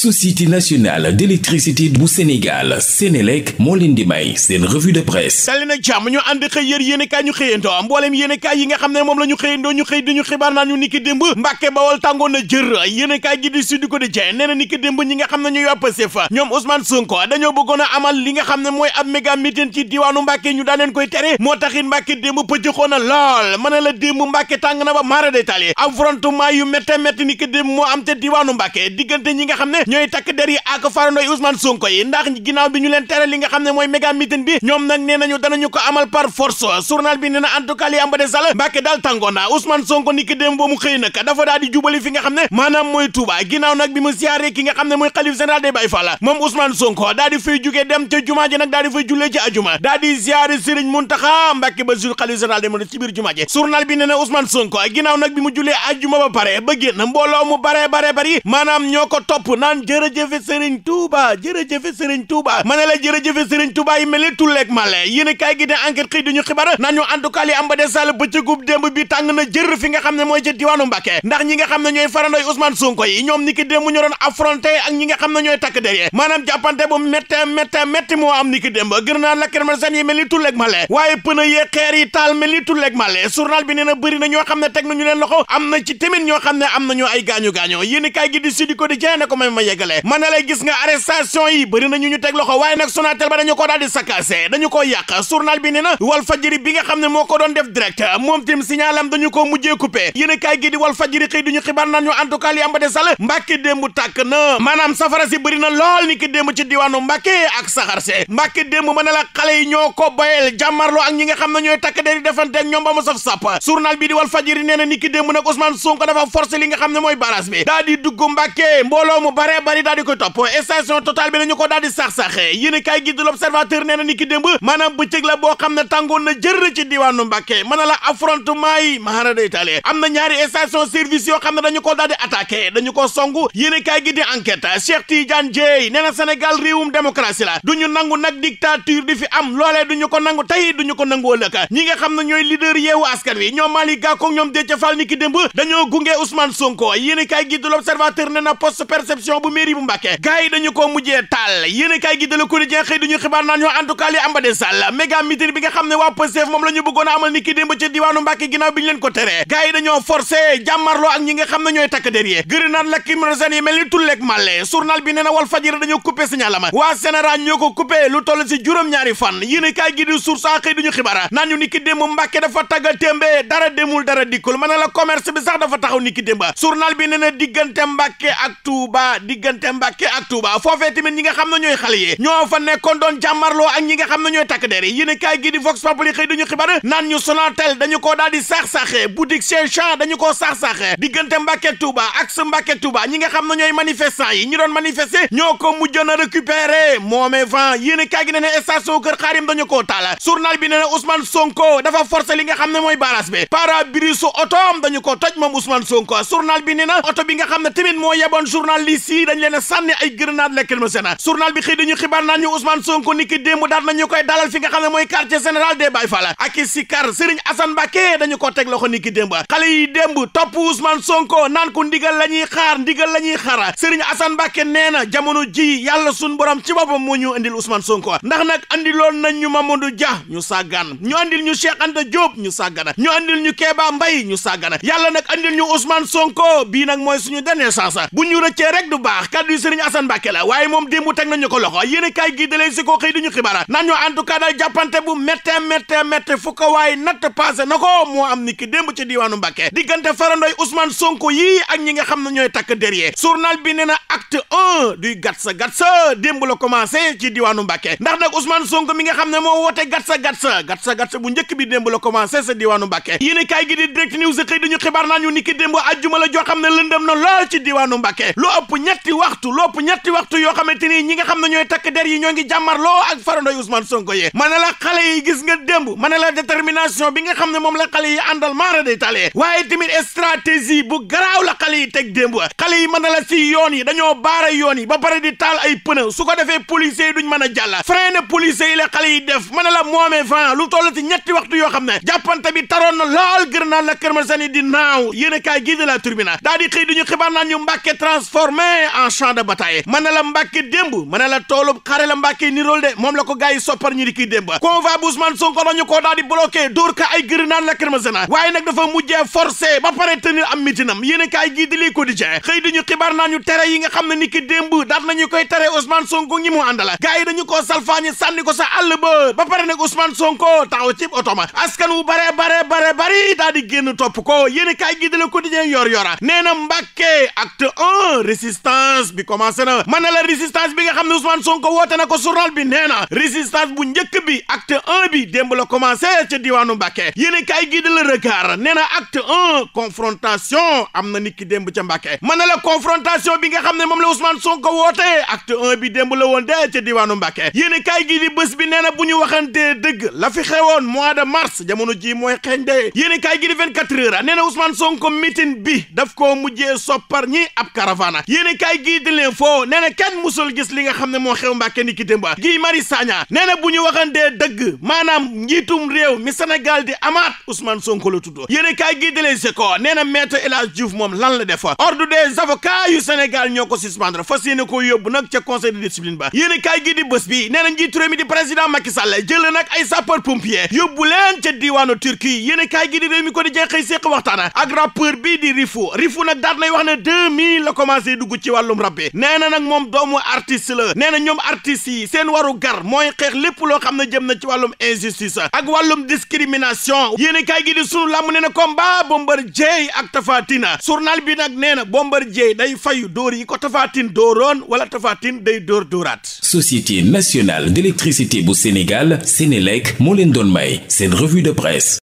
société nationale d'électricité bu Sénégal Sénélec moo leen di may seen revue de presse sali nag jàmm ñu ànd xëy yér yéenekaay ñu xëyantoo mbooleem yéenekaay yi nga xam ne moom la ñu xëyandoo ñu xëy di ñu xibaar naan ñu niki démb Mbàkke Bawol tàngoon na jër yéenekaay gi di Sud Quotidien nee na niki démb ñi nga xam ne ñu waa Pastef ñoom Ousmane Sonko dañoo bëggoon a amal li nga xam ne mooy ab méga meeting ci diwaanu Mbàkke ñu daan leen koy tere moo taxit Mbàkke démb pëccëxoo na lool ma ne la démb tàng na ba maara détaillé affrontement yu métte métti niki démb moo am te diwaanu Mbàkke diggante ñi nga xam ne ñooy takk der yi ak farandoy Ousmane Sonko yi ndax ginnaaw bi ñu leen tere li xam ne mooy méga meeting bi ñoom nag nee nañu danañu ko amal par force journal bi nee na en tout cas li am ba de sal Mbàkke daal tàngoona Ousmane Sonko ni ki dem ba mu xëy nag dafa daal di jubali fi nga xam ne maanaam mooy Touba ginnaaw nag bi mu siyaare ki nga xam ne mooy xalif général des Baye Fall moom Ousmane Sonko daal di fay jugee dem ca jumaa ji nag daal di fay jullee ji journal bi nee na Ousmane Sonko ginnaaw nag bi mu jullee ajuma ba pare ba génn topp naan naan jërëjëfe sëriñ Touba jërëjëfe sëriñ Touba ma ne la jërëjëfe sëriñ Touba yi mel ni tulleeg male yéen kaay gi de enquête xëy duñu xibaar naan ñu en tout cas li am ba de sall bëccëgub démb bi tàng na jër fi nga xam ne mooy ci diwaanu Mbàkke ndax ñi nga xam ne ñooy farandoy Ousmane Sonko yi ñoom ni ki démb ñu doon affronté ak ñi nga xam ne ñooy takk der maanaam jàppante bu métte métte métti moo am ni ki démb gër naa lakkrmasènes yi mel ni tulleeg male waaye pëna yee xeer yi taal mel ni tulleeg male journal bi nee na bëri na ñoo xam ne teg nañu leen loxo am na ci tamit ñoo xam ne am nañu ay gaañu gaañu yéen kaay gi di Sud Quotidien ne ko may ma yeggale ma ne lay gis nga arrestation yi bëri ñu ñu teg loxo waaye nag Sonatel ba dañu ko daal di saccagé dañu ko yàq journal bi ne na Walf Fadjri bi nga xam ne moo ko doon def direct moom tim signalam dañu ko mujjee coupé yéen a kaay gi di Walf duñu xibaar naan ñu en tout cas li am ba desal Mbàkke na safara si bëri lool ni ki ci diwaanu Mbàkke ak saxar se Mbàkke démb ma xale yi ñoo ko boyel jàmmarloo ak ñi nga xam ne ñooy takk deri defante ak ba yu bari daal di koy topp station totale bi ñu ko daal sax-saxe yéen kaay gi di nee na ni ki démb maanaam la boo xam ne tàngoon na jër ci diwaanu Mbàkke mën na la affrontement yi maanaam day am na ñaari station service yoo xam ne dañu ko daal di attaqué dañu ko songu yéen kaay gi di enquête Cheikh Tidiane nee na Sénégal réewum démocratie la du nangu nag dictature di am loolee du ko nangu tey du ko nangu ëllëg ñi nga xam ne ñooy leader yeewu askan wi ñoom Mali Gakou ñoom Déthié direction bu mairie bu Mbàkke gars dañu ko mujjee taal yéen i kaay gi de Le Quotidien xëy duñu xibaar naan ñoo en xam ne waa Pastef moom la ñu bëggoon a amal ni diwaanu Mbàkke ginnaaw bi ñu ko teree gars yi dañoo forcé jàmmarloo ak xam ne ñooy takk der yi gërë naan lacrymogène yi mel ni bi nee na wal fajira dañoo coupé signal waa Sénégal ñoo ko coupé lu toll si ñaari fan yéen i kaay gi di diggante Mbàkke ak Touba foofee tamit ñi nga xam ne ñooy xale yi ñoo fa nekkoon doon jàmmarloo a ñi nga xam ne ñooy takk der yi yéen kaay gi di Vox Populi xëy duñu xibaar naan ñu Sonatel dañu koo daal di saax-saaxee boutique dañu koo saax-saaxee diggante Mbàkke Touba ak sa Mbàkke Touba ñi xam ne ñooy manifestant yi ñu doon manifester ñoo ko mujjoon a récupérer moomee vent yéen kaay gi ne ne station Kër Xaarim dañu koo taal journal bi ne ne Ousmane Sonko dafa forcé li nga yi dañ leen a sànni ay grenade lacrymogène journal bi xëy dañu xibaar naan ñu Ousmane Sonko niki démb la ñuy xaar ndigal la ñuy xaar Serigne Assane nee na jamono ji yàlla sun borom ci boppam moo ñu indil Ousmane Sonko ndax nag andiloon nañ ñu Mamadou Dia ñu sàggan ñu andil ñu Cheikh Anta Diop ñu sàggana ñu andil ñu Kéba Mbaye ñu sàggana yàlla nag andil ñu Ousmane Sonko bii nag mooy suñu dernière chance bu ñu rëccee rek du baax kaddu sëriñ Assane Mbacke la waaye moom démbu teg nañu ko loxo yéen a kaay gi dalee si koo xëy di ñu xibaar naan ñoo en tout cas daal jàppante bu métte métte métte fu ko ak ñi nga xam ne ñooy takk derrière journal bi nee na acte un du gatsa gatsa démb la commencé ci diiwaanu Mbacke ndax nag Ousmane Sonko mi nga xam ne moo woote gatsa sa diiwaanu Mbacke yéen a kaay gi di direct news xëy di ñu xibaar naan ñu ni ki démb ajjuma la joo xam ne lëndëm na lool ci diiwaanu Mbacke lu ëpp ñett ñetti waxtu lopp ñetti waxtu yoo xamante ni ñi nga xam ne ñooy takk der yi ñoo ngi jàmmarloo ak farandoy Ousmane Sonko yee ma la xale yi gis nga démb ma ne la détermination bi nga xam ne moom la xale yi àndal maara day talee waaye tamit stratégie bu garaaw la xale yi teg démb xale yi mën na la si yoon yi dañoo baara yoon yi ba pare di taal ay pneu su ko defee policiers yi duñ mën a jàll frein policiers yi la xale yi def mën na la moomee fan lu toll ci ñetti waxtu yoo xam ne jàppante bi taroon na lool gër naa la kërmasani di naaw a kaay gii de daal di xëy duñu xibaar naan en champ de bataille mën na la Mbàkke démb mën na la toolub xare la Mbàkke nirool de moom la ko gars yi soppar ñu di kii démb convoi bu Ousmane Sonko dañu koo daal di bloqué ka ay grenade lacrymogène waaye nag dafa mujjee forcé ba tenir am mitinam yéen a kaay gii di lii quotidien naa ñu tere yi nga xam ne ni ki démb daat nañu koy tere Ousmane Sonko ñi mu àndala gars yi dañu koo salfaañi ko sa àll ba ba pare nag oto ma askan wu bare bare bare bari daal di génn topp ko yéen a kaay gii di la quotidien yor yora nee na Mbàkke acte un résistant résistance bi commencé na ma ne la résistance bi nga xam ne Ousmane Sonko woote na ko journal bi nee na résistance bu njëkk bi acte un bi démb la commencé ca diwaanu Mbàkke yéen kaay gii de la regard nee na acte un confrontation am na nit ki démb ca Mbàkke ma ne la confrontation bi nga xam ne moom la Ousmane Sonko woote acte un bi démb la woon de ca diwaanu Mbàkke yéen kaay gii di bés bi nee na bu ñu waxantee dëgg la fi xewoon mois de mars jamono ji mooy xeeñ de yéen kaay gii di 24 heures nee na Ousmane Sonko meeting bi daf koo mujjee soppar kaay gii leen foo nee kenn musul gis li nga xam ne moo xew Mbàkke ni ki démb Guy Marius Sagna nee bu ñu waxantee dëgg maanaam njiitum réew mi Sénégal di amaat Ousmane Sonko la tudd yéen kaay gii di leen si ko nee na maître moom lan la def ordre des avocats yu Sénégal ñoo ko suspendre fas yéene ko yóbbu nag ca conseil de discipline ba yéen kaay gii di bés bi na njiitu réew mi di président Macky Sall jël nag ay sapeur pompier yóbbu leen ca diiwaanu wàllum rabbi nee na nag moom doomu artiste la nee na ñoom artistes yi seen waru gar mooy xeex lépp loo xam na jëm na ci wàllum injustice ak wàllum discrimination yéen kaay gi di sunu làmb ne na combat Bombardier ak Tapha Tine bi nag nee na Bombardier day fayu dóor yi ko Tapha Tine dóoroon wala Tapha Tine day dóor dóoraat. Société nationale d'électricité bu Sénégal Sénélec moo leen doon may seen revue de presse.